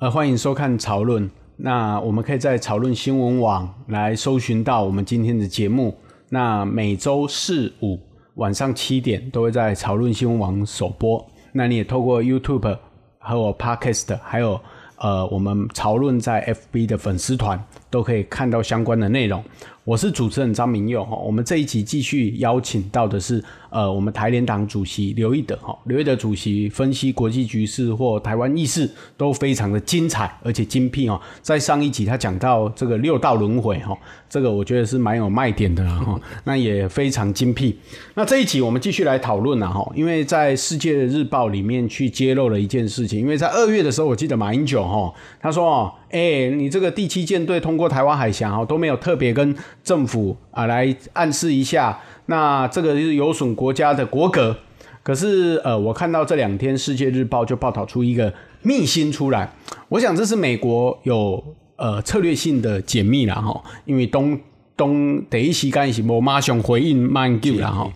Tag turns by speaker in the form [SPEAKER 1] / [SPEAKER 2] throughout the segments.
[SPEAKER 1] 呃，歡迎收看《潮論》。那我們可以在《潮論新聞網》來搜尋到我們今天的節目。那每周四五晚上七點都會在《潮論新聞網》首播。那你也透過 YouTube 和我 Podcast，還有，Podcast, 還有呃，我們《潮論》在 FB 的粉絲團。都可以看到相關的內容。我是主持人張明佑哈，我們這一集繼續邀請到的是呃，我們台聯黨主席劉一德哈。劉一德主席分析國際局勢或台灣議事都非常的精彩而且精闢，哦、在上一集他講到這個六道輪迴哈，這個我覺得是蠻有賣點的哈，那也非常精闢。那這一集我們繼續來討論哈、啊，因為在《世界日報》裡面去揭露了一件事情，因為在二月的時候我記得馬英九哈、哦、他說、哦哎、欸，你這個第七艦隊通過台灣海峽哦，都沒有特別跟政府啊來暗示一下，那這個就是有損國家的國格。可是呃，我看到這兩天《世界日報》就報道出一個祕辛出來，我想這是美國有呃策略性的解密了哈，因為東東得一西乾一，我馬上回應慢 g i v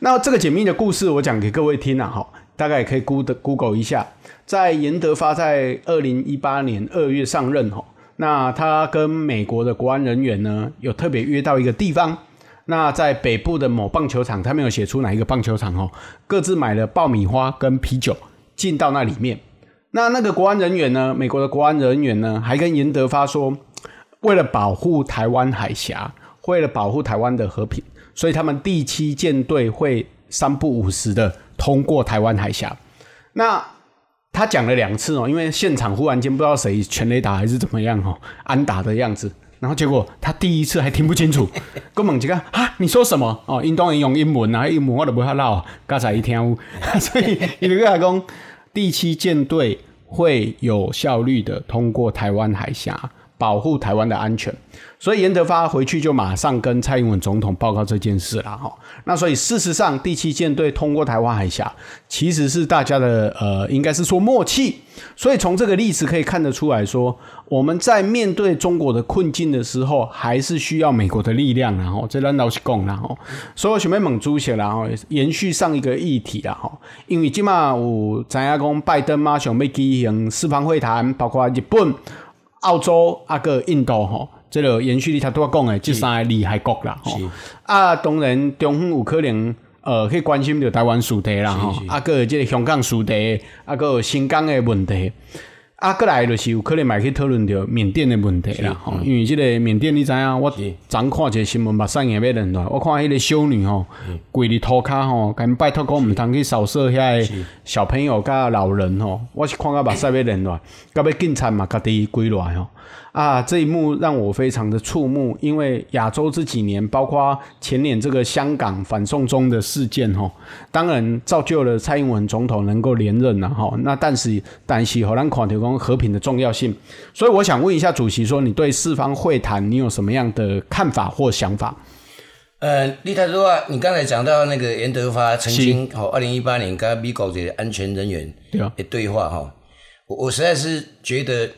[SPEAKER 1] 那這個解密的故事，我講給各位聽啦。哈，大概也可以 Google Google 一下。在嚴德發在二零一八年二月上任吼，那他跟美國的國安人員呢，有特別約到一個地方，那在北部的某棒球場，他沒有寫出哪一個棒球場哦，各自買了爆米花跟啤酒進到那裡面，那那個國安人員呢，美國的國安人員呢，還跟嚴德發說，為了保護台灣海峽，為了保護台灣的和平，所以他們第七艦隊會三不五時的通過台灣海峽，那。他講了兩次哦、喔，因為現場忽然間不知道誰全雷打還是怎麼樣哦、喔，安打的樣子。然後結果他第一次還聽不清楚，郭猛就講啊，你說什麼哦？英當然用英文啊，英文我都不會老，剛才一聽，所以伊就講講第七艦隊會有效率的通過台灣海峽。保護台灣的安全，所以嚴德發回去就馬上跟蔡英文總統報告這件事了哈。那所以事實上，第七艦隊通過台灣海峽，其實是大家的呃，應該是說默契。所以從這個例子可以看得出來說，我們在面對中國的困境的時候，還是需要美國的力量啦，然後這是我們老實說啦，然後、嗯、所以我想要猛豬血然後延續上一個議題了哈，因為今嘛有知啊，講拜登馬上要舉行四方會談，包括日本。澳洲啊個印度吼，即個延續你頭拄仔講誒，即三個厲害國啦吼。是啊，當然中方有可能呃去關心到台灣事地啦吼，是是啊個即個香港事體，啊個新疆誒問題。啊，過來著是有可能嘛，去討論着緬甸誒問題啦，吼，因為即個緬甸你知影，我昨昏看一個新聞，目屎硬要忍落，我看迄個修女吼，規日塗骹吼，甘拜托講毋通去掃射遐小朋友甲老人吼，我是看到目屎要忍落，到尾警察嘛，家己跪落吼。啊，這一幕讓我非常的觸目，因為亞洲這幾年，包括前年這個香港反送中的事件，哈，當然造就了蔡英文總統能夠連任了，哈。那但是，但是荷蘭礦鐵工和平的重要性，所以我想問一下主席說，說你對四方會談，你有什麼樣的看法或想法？
[SPEAKER 2] 呃，立泰說、啊、你剛才講到那個嚴德發曾經哦，二零一八年跟美國的安全人員的對話，哈、啊，我我實在是覺得。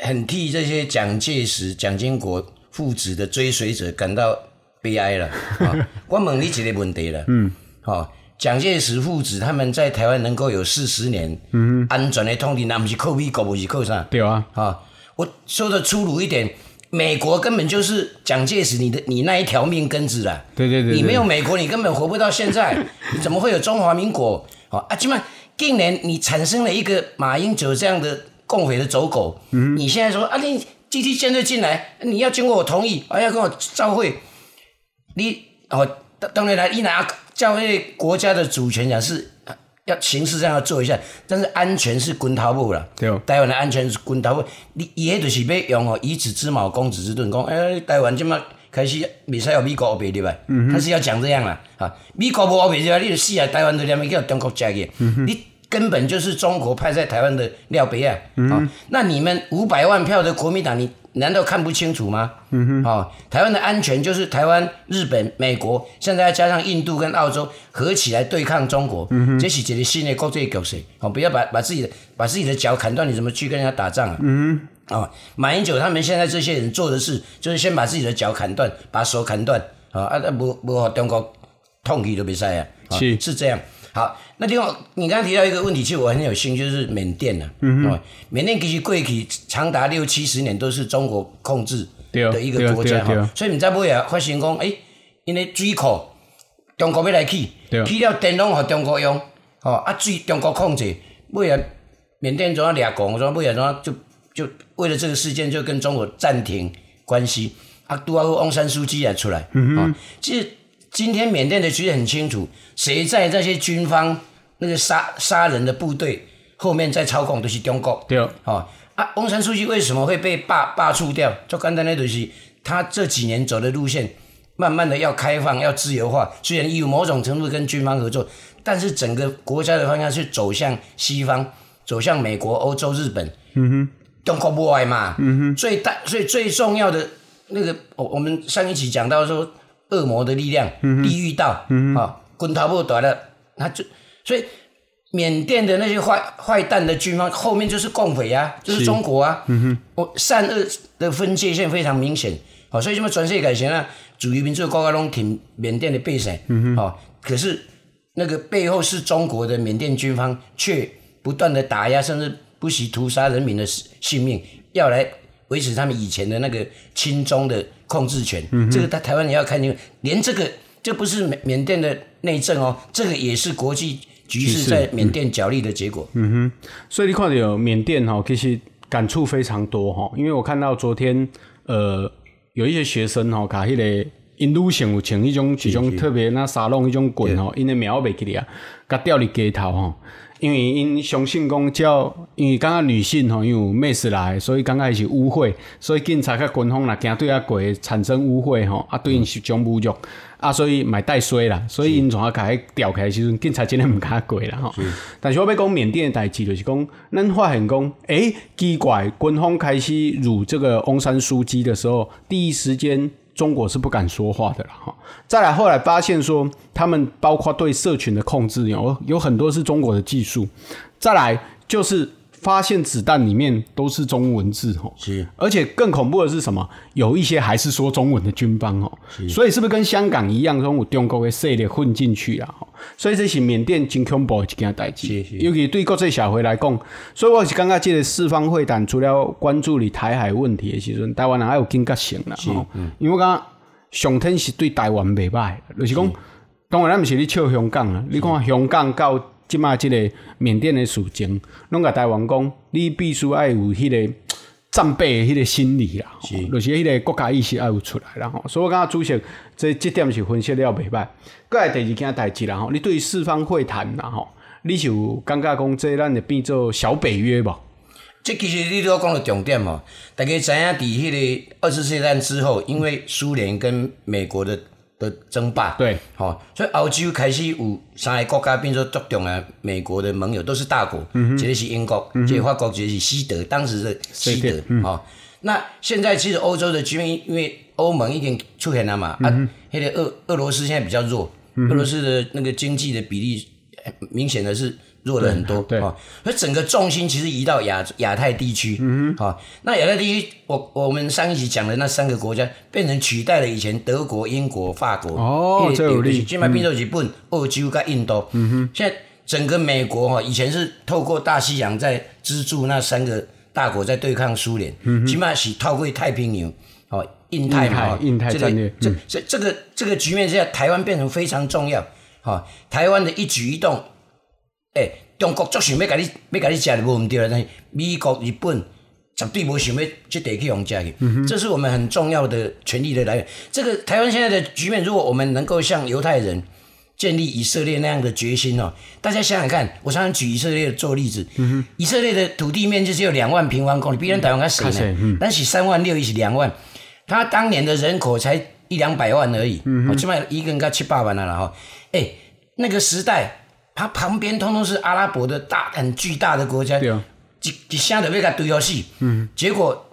[SPEAKER 2] 很替這些蔣介石、蔣經國父子的追隨者感到悲哀了啊！ 我問你幾個問題了，嗯，好，蔣介石父子他們在台灣能夠有四十年、嗯、哼安全的統治，啊，那不是靠屁，可不是靠啥對啊，啊，我說的粗魯一點，美國根本就是蔣介石你的你那一條命根子了，
[SPEAKER 1] 對對，對對對，你沒有
[SPEAKER 2] 美國，你根本活不到現在， 你怎麼會有中華民國？好啊，今嘛，近年你產生了一個馬英九這樣的。共匪的走狗，嗯、哼你現在說啊，你集體艦隊進來，你要經過我同意，哎、啊，要跟我照會，你哦，當然來伊拿照會國家的主權也是要、啊、形式上要做一下，但是安全是滾湯布啦，對、哦，台灣的安全是滾湯布，你伊迄就是要用哦，以子之矛攻子之盾，講哎、欸，台灣這麼開始未使有美國 O 阿伯，對吧？嗯，他哼是要講這樣啦，哈、啊，美國 O 阿伯阿伯，你就死啊，台灣就連咪叫中國吃去，嗯、哼你。根本就是中國派在台灣的廖杯啊！啊、嗯哼哦，那你們五百萬票的國民黨，你難道看不清楚嗎？嗯哼，啊、哦，台灣的安全就是台灣、日本、美國，現在加上印度跟澳洲合起來對抗中國。嗯哼，這是一個新的國際局勢！啊、哦，不要把把自己的把自己的腳砍斷，你怎麼去跟人家打仗啊？嗯哼，啊、哦，馬英九他們現在這些人做的事，就是先把自己的腳砍斷，把手砍斷、哦，啊，啊，不不，讓中國統一就別賽啊！是、哦、是這樣，好。那你剛剛提到一個問題，其實我很有興趣，就是緬甸吶、啊，緬、嗯、哼甸其實過去長達六七十年都是中國控制的一個國家，所以你知後來發生講，哎、欸，因為追口中國要來去，去掉對電攏和中國用，哦啊水中國控制，後來緬甸總要掠國，怎樣後來怎樣就就為了這個事件就跟中國暫停關係，啊，拄好翁山蘇姬也出來，嗯哼，其實今天緬甸的其實很清楚，誰在這些軍方。那個殺殺人的部隊後面在操控都是中國，對哦啊，翁山書記為什麼會被罷罷黜掉？就剛才那就是他這幾年走的路線，慢慢的要開放、要自由化，雖然有某種程度跟軍方合作，但是整個國家的方向是走向西方，走向美國、歐洲、日本，嗯
[SPEAKER 1] 哼，
[SPEAKER 2] 中國不外嘛，嗯哼，最大、最最重要的那個，我們上一期講到說，惡魔的力量，地獄道，嗯哼，啊，滾他不短了，他就。所以緬甸的那些壞壞蛋的軍方後面就是共匪啊，就是中國啊。我、嗯、善惡的分界線非常明顯。好，所以這麼專制改行呢，主義民主，高高隆挺緬甸的背神。嗯哼。好、哦，可是那個背後是中國的緬甸軍方卻不斷的打壓，甚至不惜屠殺人民的性命，要來維持他們以前的那個親中的控制權。嗯哼這個在台灣你要看清楚，連這個這不是緬甸的內政哦，這個也是國際。局勢在緬甸角力的結果嗯。嗯哼，
[SPEAKER 1] 所以你看到有緬甸哈、喔，其實感觸非常多哈、喔，因為我看到昨天呃，有一些學生哈、喔，卡迄個印度人有穿一種，是是一種特別那沙龍一種棍哦、喔，因為苗我忘記了啊，卡掉哩街頭哈、喔。因為因相信講，照因為剛剛女性吼、喔，因為咩事來，所以剛開始誤會。所以警察甲軍方來驚對阿鬼產生誤會吼，啊，對因是種侮辱，啊，所以買帶衰啦，所以因從阿開調開時陣，警察真誒唔敢過啦吼。但是我要講緬甸誒代誌，就是講，咱發現講，誒奇怪，軍方開始入這個翁山蘇姬的時候，第一時間。中國是不敢說話的啦哈，再來後來發現說，他們包括對社群的控制有有很多是中國的技術，再來就是。發現子彈裡面都是中文字哦，是，而且更恐怖的是什麼？有一些還是說中文的軍方哦，是所以是不是跟香港一樣，都有中國的勢力混進去了？所以這是緬甸真恐怖的一件代誌，是是是，尤其對國際社會來講。所以我是剛剛記得四方會談，除了關注你台海問題的時陣，台灣人還有警覺性了哦，嗯、因為剛剛上天是對台灣未歹，就是說是當然，我們是在笑香港是你看香港到。即擺，即個緬甸的事情攏共台灣講，你必須要有迄個戰備的迄個心理啦，是著是迄個國家意識要有出來啦。吼，所以我感覺主席，即即點是分析了袂歹。閣來第二件代志啦，吼，你對四方會談啦，吼，你是有感覺講，即咱的變做小北約無？
[SPEAKER 2] 即其實你都講了重點無，逐個知影佇迄個二十世紀之後，因為蘇聯跟美國的。的爭霸，對，好、哦，所以歐洲開始有三個國家變作着重啊，美國的盟友都是大國，嗯哼，這是英國，嗯、哼這是法國，這個、是西德，當時的西德，對對嗯，好、哦。那現在其實歐洲的軍面局面，因為歐盟已經出現了嘛，嗯、哼啊，那的、個、俄俄羅斯現在比較弱，嗯、哼俄羅斯的那個經濟的比例明顯的是。弱了很多，對啊，所以、哦、整個重心其實移到亞亞太地區，嗯哼，好、哦，那亞太地區，我我們上一集講的那三個國家，變成取代了以前德國、英國、法國，哦，這有力，起碼比斗日本、嗯、歐洲跟印度，嗯哼，現在整個美國哈，以前是透過大西洋在資助那三個大國在對抗蘇聯，嗯哼，起碼是透過太平洋，好、哦，印太嘛，印太戰略，這這這個、嗯這個、這個局面之下，台灣變成非常重要，哈、哦，台灣的一舉一動。哎，中國就想要給你，要給你吃就無問題了。但是美國、日本絕對無想欲，就得去用吃去。嗯、哼這是我們很重要的權利的來源。這個台灣現在的局面，如果我們能夠像猶太人建立以色列那樣的決心，大家想想看，我常常舉以色列的做例子。嗯、哼以色列的土地面積只有兩萬平方公里，比台灣還小、嗯小，嗯、但是三萬六，一，是兩萬，他當年的人口才一兩百萬而已。我起碼一個人該七八萬了哎，那個時代。他旁邊通通是阿拉伯的大很巨大的國家，對一一下都被他堆好死。嗯哼，結果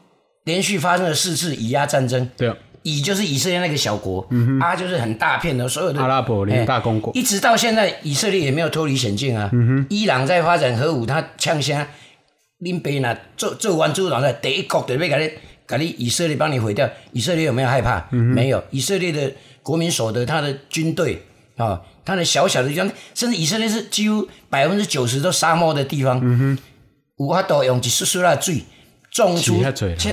[SPEAKER 2] 連續發生了四次以阿戰爭。對啊，以就是以色列那個小國，阿、嗯哼啊、就是很大片的所有的阿拉伯兩大公國、欸。一直到現在，以色列也沒有脫離險境啊。嗯、哼伊朗在發展核武，他嗆聲，林北那做做完之後，然的第一國，就要給你給你，把你以色列幫你毀掉。以色列有沒有害怕？嗯、哼沒有。以色列的國民所得，他的軍隊。啊、哦，他的小小的像，甚至以色列是幾乎百分之九十都沙漠的地方，五阿斗用幾十歲那嘴種出，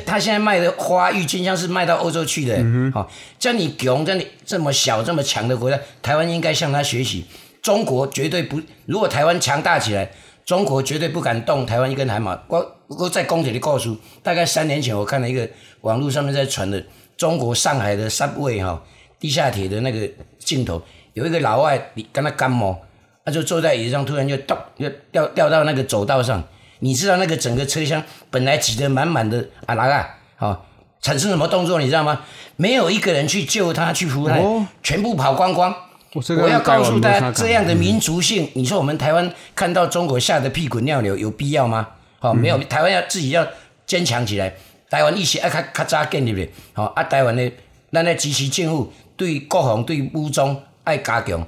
[SPEAKER 2] 他現在賣的花鬱金香是賣到歐洲去的。好、嗯哼，叫你窮，叫你這，這麼小這麼強的國家，台灣應該向他學習。中國絕對不，如果台灣強大起來，中國絕對不敢動台灣一根汗毛。光不過在公鐵里告訴，大概三年前我看了一個網絡上面在傳的中國上海的 subway 啊地下鐵的那個鏡頭。有一個老外，你跟他幹嘛？他就坐在椅子上，突然就掉掉到那個走道上。你知道那個整個車廂本來擠得滿滿的啊？啦個啊，產生什麼動作？你知道嗎？沒有一個人去救他，去扶他，哦、全部跑光光。哦、我，我要告訴大家，blanc 這樣的民族性，你說我們台灣看到中國嚇得屁滾尿流，有必要嗎？沒有，台灣要自己要堅強起來。台灣意識要較較早建立好啊，台灣的，咱咧支持政府對國防、對武中。愛加強，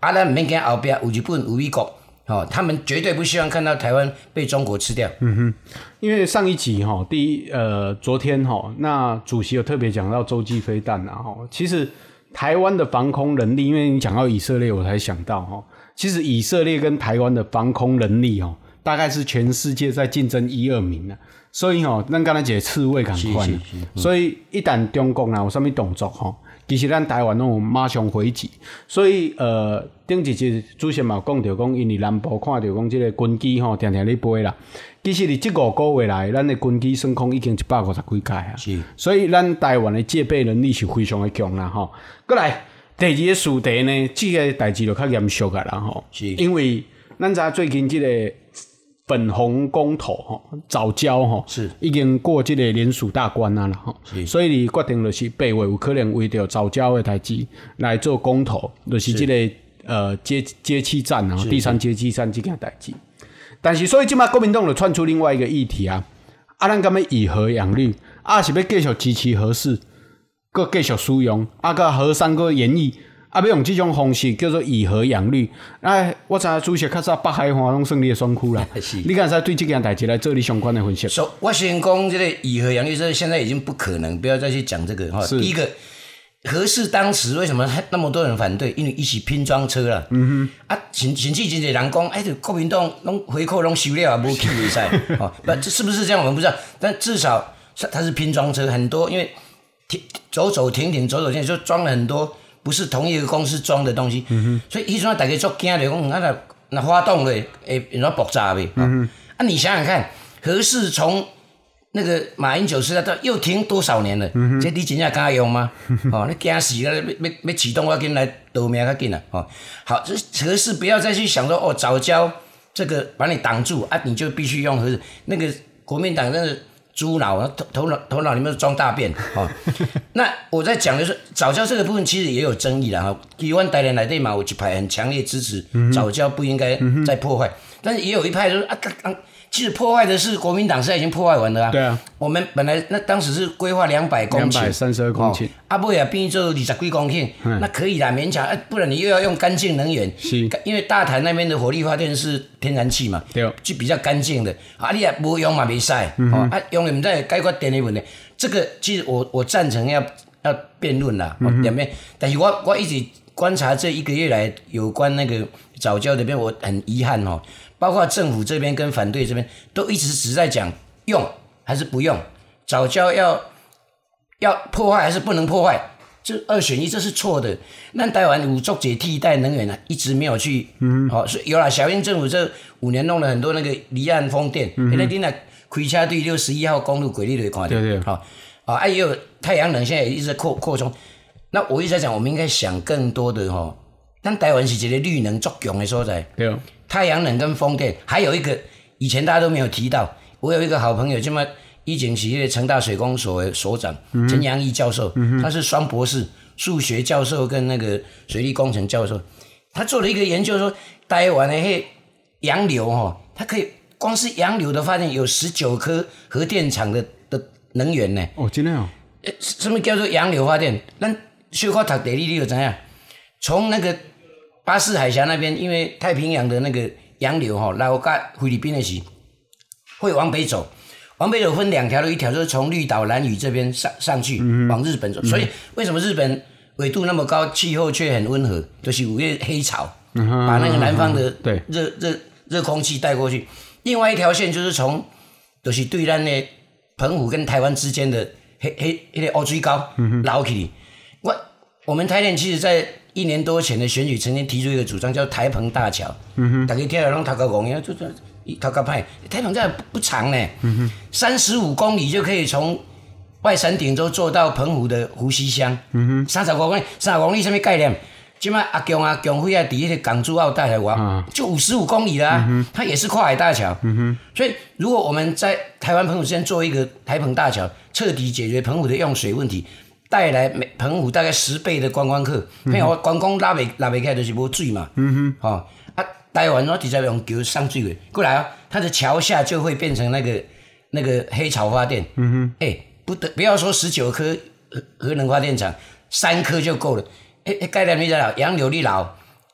[SPEAKER 2] 阿拉唔免跟後壁，有日本、有美國、哦，他們絕對不希望看到台灣被中國吃掉。嗯哼，因為上一
[SPEAKER 1] 集，第一，呃、昨天，那主席有特別講到洲際飛彈，其實台灣的防空能力，因為你講到以色列，我才想到，其實以色列跟台灣的防空能力，大概是全世界在競爭一二名，所以，吼，那剛才講刺蝟感官，嗯、所以一旦中共啊有什麼動作，其實咱台灣攏有馬上回擊，所以呃，頂一日主席嘛講着講，因為南部看着講即個軍機吼定定咧飛啦。其實你即五個月來，咱的軍機升空已經一百五十幾架啊。是，所以咱台灣的戒備能力是非常、喔、的強啦吼，過來第二個事例呢，即個代志着較嚴肅啊啦吼。是，因為咱知影最近即、這個。粉紅公投、喔是，吼，藻礁，吼，是已經過即個聯署大關啊啦吼是，所以你決定就是八月有可能為着藻礁的代志來做公投，就是即個是呃接氣站啊，第三接氣站即件代志是。但是所以即擺國民黨就竄出另外一個議題啊，啊咱敢們要以核養綠，啊，是要繼續支持核四擱繼續輸贏，啊，甲核三擱延役。啊，要用這種方式叫做“以核養綠”。哎，我查主席，確實北海華龍勝利的雙庫啦。是你看才對這件大事來做你
[SPEAKER 2] 相關的分析。So, 我先講這個“以核養綠”是現在已經不可能，不要再去講這個哈。是第一個，核四當時為什麼那麼多人反對？因為它是拼裝車了。嗯哼。啊，前前幾年在人講，哎，國民黨攏回扣攏收了，無去比賽。哦，這是不是這樣？我們不知道。但至少他它是拼裝車，很多因為停走走停停走走停，停，就裝了很多。不是同一個公司裝的東西，嗯、哼所以以前大家做驚的講，那、嗯、那、啊、發動的會爆炸的。嗯、哼啊，你想想看，核四從那個馬英九時代到又停多少年了？嗯、哼這你錢家敢用嗎？嗯、哼哦，你驚死了，沒沒啟動，我跟你來賭命，要緊啊。哦，好，這核四不要再去想說哦，藻礁這個把你擋住啊，你就必須用核四那個國民黨那個。豬腦啊，頭頭腦頭腦裡面裝大便啊！哦、 那我在講的是藻礁這個部分，其實也有爭議啦哈。台灣台人來對嘛，我就派很強烈支持藻礁不應該再破壞，嗯嗯、但是也有一派就是啊，啊其實破壞的是國民黨，現在已經破壞完了啊。對啊。我們本來那當時是規劃兩百公頃，三十二公頃，阿妹、哦啊、也變做二十幾公頃，嘿那可以啦，勉強、啊。不然你又要用乾淨能源，是，因為大台那邊的火力發電是天然氣嘛，對，就比較乾淨的。阿、啊、你也不用嘛，未使、嗯哼，啊，用的唔再解決電力問題。這個其實我我贊成要要辯論啦，哦，點咩、嗯哼？但是我我一直觀察這一個月來有關那個早教的辯，我很遺憾哦。包括政府這邊跟反對這邊都一直只在講用還是不用，藻礁要要破壞還是不能破壞，這二選一這是錯的。那台灣有很多替代能源呢，一直沒有去，好、嗯哼哦、所以有了。小英政府這五年弄了很多那個離岸風電，你如果開車對六十一號公路過，你就會看到對，對，對，對、哦，好啊，也有太陽能，現在也一直擴擴充。那我一直在講，我們應該想更多的哈、哦。但台灣是一個綠能很強的所在。對太陽能跟風電，還有一個以前大家都沒有提到。我有一個好朋友，這麼一景實的成大水工所的所長陳陽益教授，嗯、哼他是雙博士，數學教授跟那個水利工程教授。他做了一個研究說，說台灣的黑洋流哈，它可以光是洋流的發電有十九顆核電廠的的能源呢。哦，真的哦什麼、欸、叫做洋流發電？咱小考讀地理你就知啊，從那個。巴士海峽那邊，因為太平洋的那個洋流哈、喔，然後甲菲律賓的是會往北走，往北走分兩條路，一條就是從綠島、蘭嶼這邊上上去，往日本走。所以為什麼日本緯度那麼高，氣候卻很溫和？就是五月黑潮把那個南方的熱熱熱空氣帶過去。另外一條線就是從就是對岸的澎湖跟台灣之間的黑黑那個黑水溝，嗯哼，撈起。我我們台電其實在。一年多前的選舉曾經提出一個主張，叫台澎大橋。嗯哼大家聽了攏抬高講，因為就是一抬高派。台澎架不，不長呢，三十五公里就可以從外傘頂洲坐到澎湖的湖西鄉。三十五公里，三十五公里什麼概念？即賣阿強阿強，現在提議的港珠澳大橋，嗯、哼就五十五公里啦、啊，嗯、哼它也是跨海大橋。嗯哼所以，如果我們在台灣澎湖之間做一個台澎大橋，徹底解決澎湖的用水問題。帶來澎湖大概十倍的觀光客，因觀光拉袂開，就是無水嘛。嗯哼哦，啊，台灣我只在用橋送水的，過來哦，它的橋下就會變成那個那個黑潮發電嗯哼，哎、欸，不得不要說十九顆核能發電廠，三顆就夠了。哎、欸、哎，蓋了綠了洋流綠老，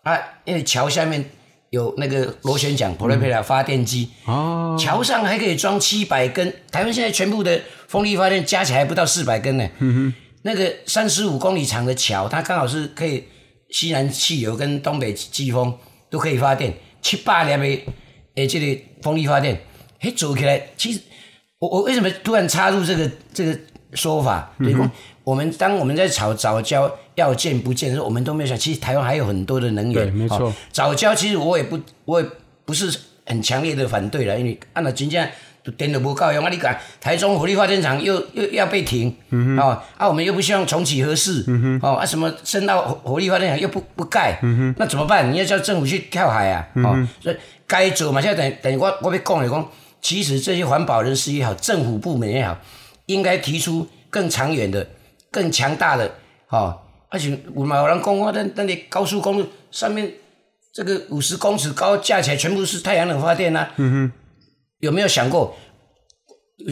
[SPEAKER 2] 啊，因為橋下面有那個螺旋槳 propeller 發電機。哦，橋上還可以裝七百根，台灣現在全部的風力發電加起來不到四百根呢。嗯哼。那個三十五公里長的橋，它剛好是可以西南氣流跟東北季風都可以發電，七八年沒誒，這裡風力發電，哎，走起來，其實我我為什麼突然插入這個這個說法？對、嗯、哼我們當我們在吵藻礁要建不建的時候，我們都沒有想，其實台灣還有很多的能源，沒錯。藻礁其實我也不，我也不是很強烈的反對了，因為按照今天電都不夠用，啊！你講台中火力發電廠又又要被停，嗯哼哦、啊啊！我們又不希望重啟核四，嗯、哼啊！什麼深澳火力發電廠又不不蓋，嗯、哼那怎麼辦？你要叫政府去跳海啊！嗯哼哦、所以該做嘛？現在等等於我我被講了，講其實這些環保人士也好，政府部門也好，應該提出更長遠的、更強大的哦。而且我們有人講話、啊，那那些、個、高速公路上面這個五十公尺高架起來，全部是太陽能發電啊！嗯有沒有想過？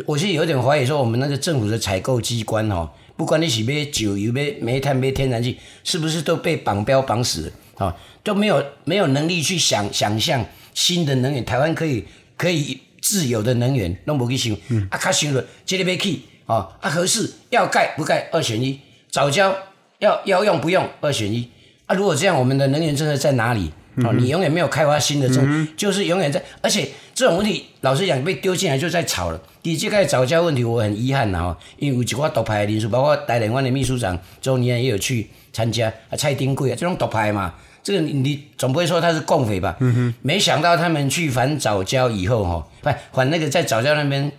[SPEAKER 2] 我是有點懷疑說，我們那個政府的採購機關哦，不管你喜沒酒，有沒煤炭，沒天然氣，是不是都被綁標綁死了啊？都沒有沒有能力去想想象新的能源，台灣可以可以自由的能源，攏無去想啊。卡想了，這裡買克，啊，這個、啊核四要蓋不蓋二選一，藻礁要要用不用二選一啊。如果這樣，我們的能源政策在哪裡？哦，你永遠沒有開發新的這、嗯、哼就是永遠在，而且這種問題，老實講，被丟進來就在吵了。第一屆藻礁問題，我很遺憾啊，因為有一掛獨派的人士，包括台聯灣的秘書長周倪安也有去參加。啊，蔡丁貴啊，這種獨派嘛，這個你，你總不會說他是共匪吧？嗯哼沒想到他們去反藻礁以後，哈，不反那個在藻礁那邊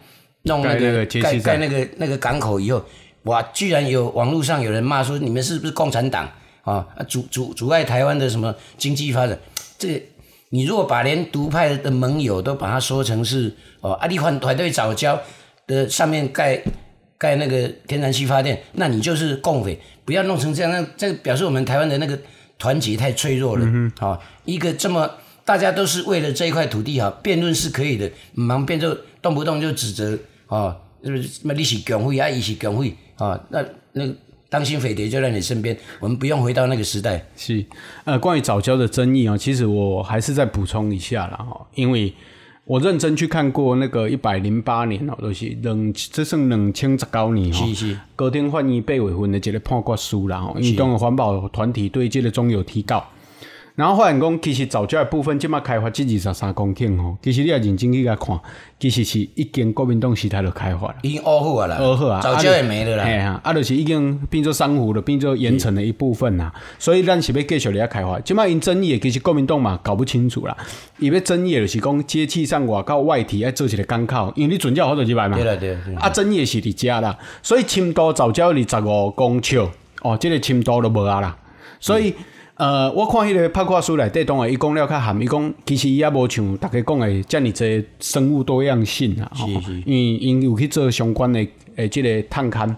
[SPEAKER 2] 弄那個蓋那個蓋、那個、那個港口以後，哇，居然有網絡上有人罵說你們是不是共產黨？啊阻阻阻礙台灣的什麼經濟發展？這個你如果把連獨派的盟友都把它說成是哦，阿裡環團隊藻礁的上面蓋蓋那個天然氣發電，那你就是共匪，不要弄成這樣。那這個、表示我們台灣的那個團結太脆弱了。好、嗯哼啊，一個這麼大家都是為了這一塊土地哈，辯論是可以的，忙辯就動不動就指責啊，什麼你是共匪啊，你是共匪啊,啊，那那。當心匪諜就在你身邊，我們不用回到那個時代。是，呃，關於藻礁的爭議、哦、其實我還是再補充一
[SPEAKER 1] 下了，因為我認真去看過那個一百零八年哦、都、就是兩只剩兩千十九年哈、哦。是是。隔天換一被尾魂的這個判決書了哦。是。環保團體對接的中有提告然後發現講，其實藻礁的部分，即麥開發只二十三公頃吼。其實你也認真去甲看，其實是已經國民黨時代就開發了，二號啊，藻礁也沒了啦啊。啊，就是已經變做珊瑚了，變做鹽城的一部分啦、啊。所以咱是要繼續了開發。即麥因爭議也其實國民黨嘛搞不清楚啦。因為爭議就是講街市上外靠外堤還做一了港口，因為你存錢好多嘛。對，對對對，啊，爭議是佇遮啦。所以深度藻礁二十五公頃哦，即個深度都無啊啦。所以。嗯呃，我看迄個八卦書內底，當然伊講了，較含伊講，其實伊也無像逐家講誒遮爾濟生物多樣性啦，是是因因有去做相關誒誒，即個探勘。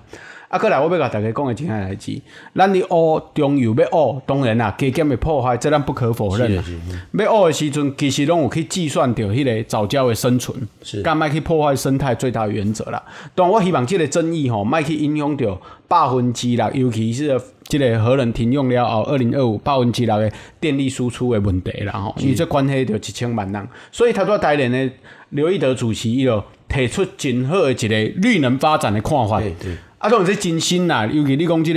[SPEAKER 1] 啊，擱來我要甲逐家講誒，一件代志，咱咧學中有要學當然啦、啊，加減誒破壞，咱、這個、不可否認啦、啊。是是是要學誒時陣，其實攏有去計算着迄個藻礁誒生存，干麥是去破壞生態最大的原則啦。當然，我希望即個爭議吼，麥去影響着百分之六，尤其是。即個核能停用了後，二零二五百分之六的電力輸出的問題啦吼，伊是這關係就一千萬人，所以，他說，台聯呢，劉一德主席有提出真好的一個綠能發展的看法。阿東，你是金星啦，尤其你講這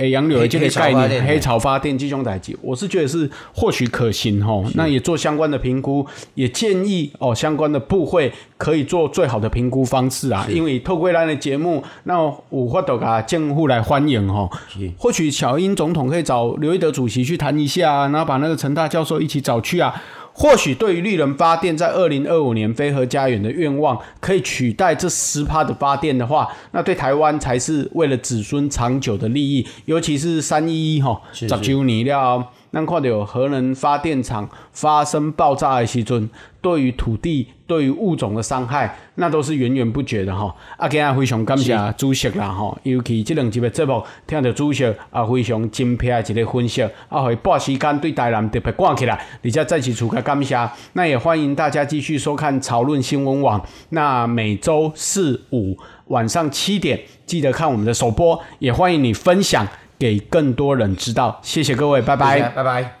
[SPEAKER 1] 個洋流的這個概念，黑潮發電、雞胸仔雞，我是覺得是或許可行吼。是那也做相關的評估，也建議哦相關的部會可以做最好的評估方式啊。是因為透過咱的節目，那我發抖個政府來歡迎吼。是或許小英總統可以找劉一德主席去談一下，然後把那個陳大教授一起找去啊。或許對於綠能發電，在二零二五年非核家園的願望，可以取代這十趴的發電的話，那對台灣才是為了子孫長久的利益，尤其是三一一吼，早就你料。能看到有核能發電廠發生爆炸的時候，對於土地、對於物種的傷害，那都是源源不絕的哈。阿杰啊，非常感謝主席啦哈，是尤其這兩集的節目，聽到主席啊非常精闢的一個分析，啊會把時間對台南特別關起啦。你家再次做個感謝，那也歡迎大家繼續收看潮論新聞網。那每周四五晚上七點，記得看我們的首播，也歡迎你分享，給更多人知道，謝謝各位，拜拜，
[SPEAKER 2] 拜拜。